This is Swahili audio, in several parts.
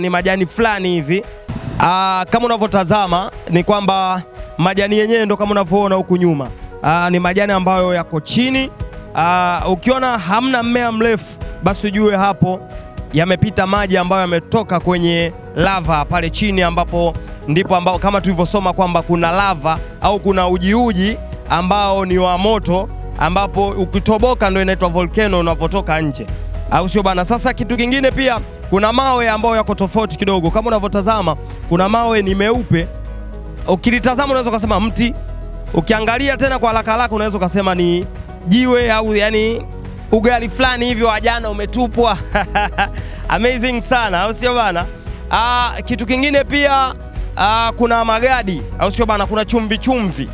Ni majani fulani hivi. Aa, ah, kama unavyotazama ni kwamba majani yenyewe ndo kama unavyoona huku nyuma. Ah, ni majani ambayo yako chini. Ah, ukiona hamna mmea mrefu basi ujue hapo yamepita maji ambayo yametoka kwenye lava pale chini, ambapo ndipo ambao kama tulivyosoma kwamba kuna lava au kuna ujiuji ambao ni wa moto, ambapo ukitoboka ndo inaitwa volcano unavotoka nje au sio bana? Sasa kitu kingine pia, kuna mawe ambayo yako tofauti kidogo. Kama unavyotazama, kuna mawe ni meupe. Ukilitazama unaweza ukasema mti, ukiangalia tena kwa haraka haraka unaweza ukasema ni jiwe au yani ugali fulani hivyo wa jana umetupwa. Amazing sana, au sio bana? Ah, kitu kingine pia aa, ah, kuna magadi au sio bana? Kuna chumvi chumvi,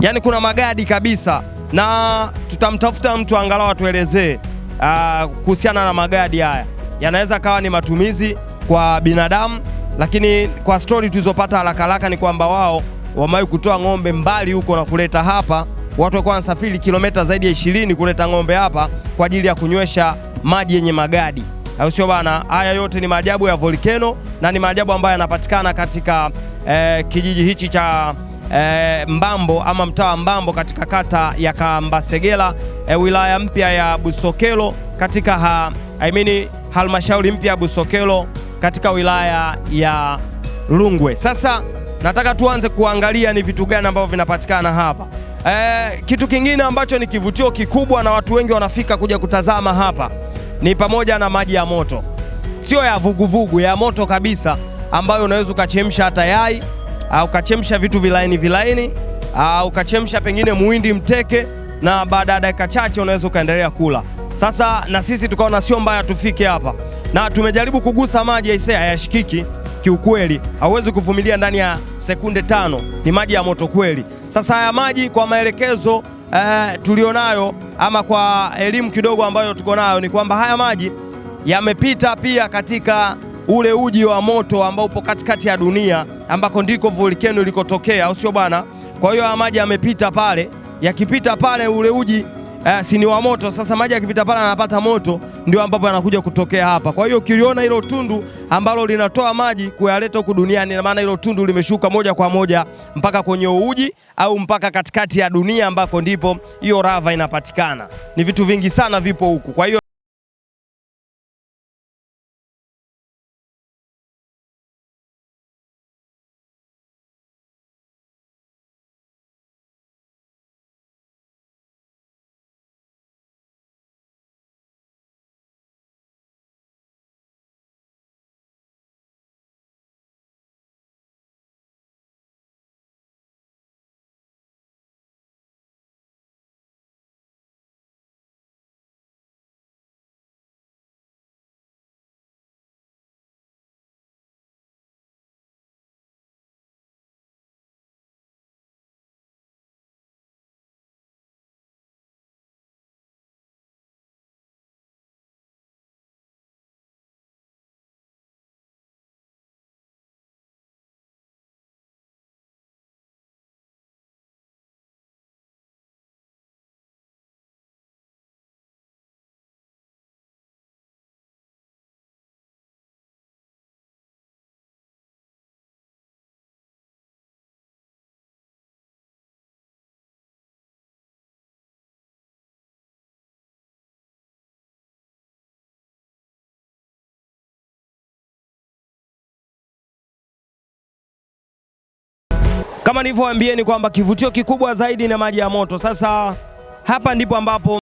yani kuna magadi kabisa, na tutamtafuta mtu angalau atuelezee Ah, kuhusiana na magadi haya, yanaweza kawa ni matumizi kwa binadamu, lakini kwa stori tulizopata haraka haraka ni kwamba wao wamewahi kutoa ng'ombe mbali huko na kuleta hapa. Watu walikuwa wanasafiri kilomita zaidi ya ishirini kuleta ng'ombe hapa kwa ajili ya kunywesha maji yenye magadi, au sio bana? Haya yote ni maajabu ya volkeno na ni maajabu ambayo yanapatikana katika eh, kijiji hichi cha e, Mbambo ama mtaa wa Mbambo katika kata ya Kambasegela e, wilaya mpya ya Busokelo katika ha, I mean, halmashauri mpya ya Busokelo katika wilaya ya Rungwe. Sasa nataka tuanze kuangalia ni vitu gani ambavyo vinapatikana hapa. E, kitu kingine ambacho ni kivutio kikubwa na watu wengi wanafika kuja kutazama hapa ni pamoja na maji ya moto, sio ya vuguvugu vugu, ya moto kabisa ambayo unaweza ukachemsha hata yai Ah, ukachemsha vitu vilaini vilaini, ah, ukachemsha pengine muhindi mteke, na baada ya dakika chache unaweza ukaendelea kula. Sasa na sisi tukaona sio mbaya tufike hapa, na tumejaribu kugusa maji aisee, hayashikiki kiukweli, hauwezi kuvumilia ndani ya sekunde tano. Ni maji ya moto kweli. Sasa haya maji kwa maelekezo eh, tulionayo ama kwa elimu kidogo ambayo tuko nayo ni kwamba haya maji yamepita pia katika ule uji wa moto ambao upo katikati ya dunia ambako ndiko volkeno ilikotokea, au sio bwana? Kwa hiyo haya maji yamepita pale, yakipita pale ule uji eh, si ni wa moto. Sasa maji yakipita pale anapata moto, ndio ambapo yanakuja kutokea hapa. Kwa hiyo ukiliona hilo tundu ambalo linatoa maji kuyaleta huku duniani, na maana hilo tundu limeshuka moja kwa moja mpaka kwenye uji au mpaka katikati ya dunia ambako ndipo hiyo rava inapatikana. Ni vitu vingi sana vipo huku, kwa hiyo kama ni kwamba kivutio kikubwa zaidi na maji ya moto. Sasa hapa ndipo ambapo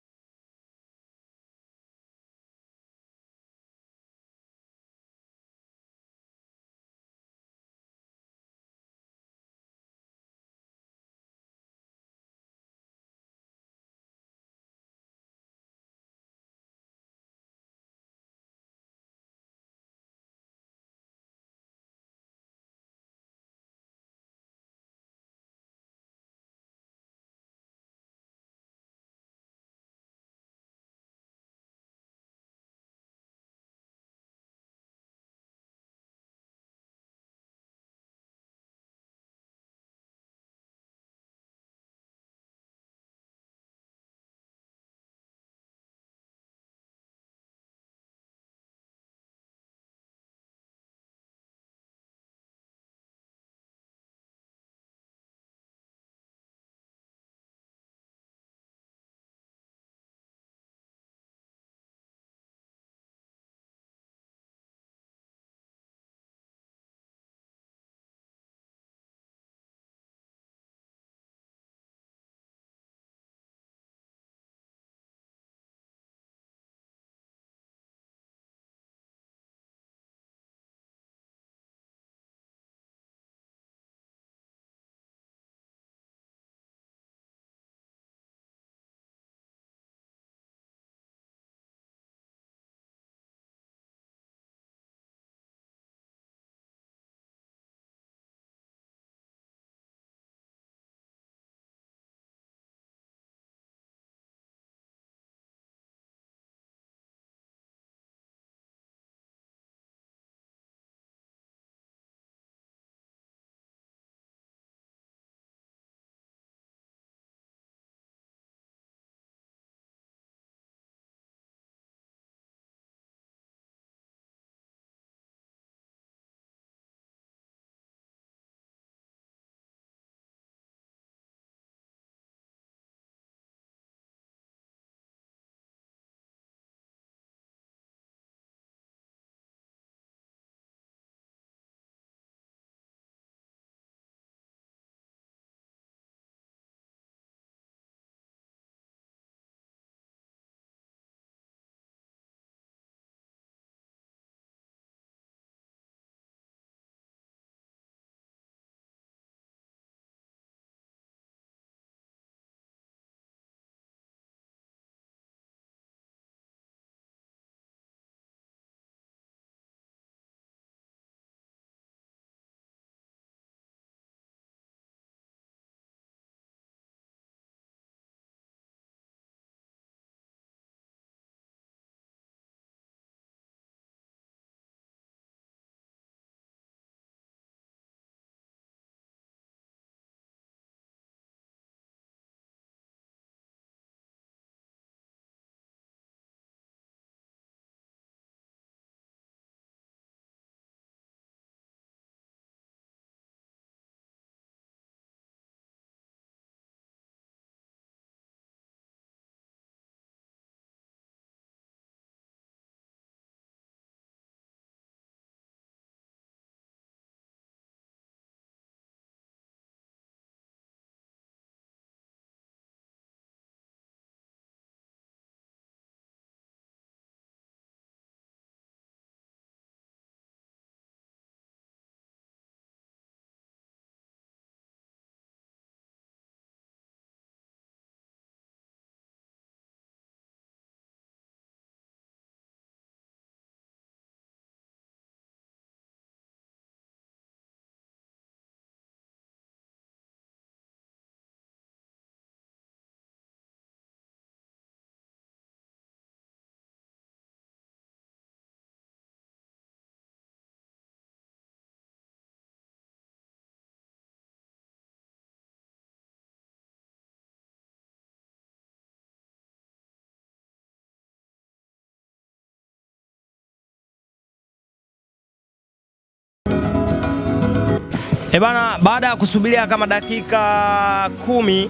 E bana, baada ya kusubiria kama dakika kumi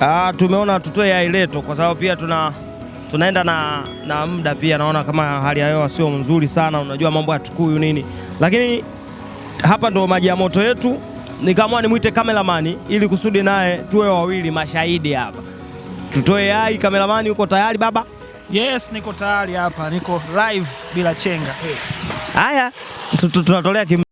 aa, ah, tumeona tutoe yai letu kwa sababu pia tuna tunaenda na, na muda pia naona kama hali ya hewa sio nzuri sana, unajua mambo ya Tukuyu nini, lakini hapa ndo maji ya moto yetu. Nikaamua nimwite kameramani ili kusudi naye tuwe wawili mashahidi hapa, tutoe yai. Kameramani, uko tayari baba? Yes, niko tayari hapa, niko live bila chenga. Haya, tunatolea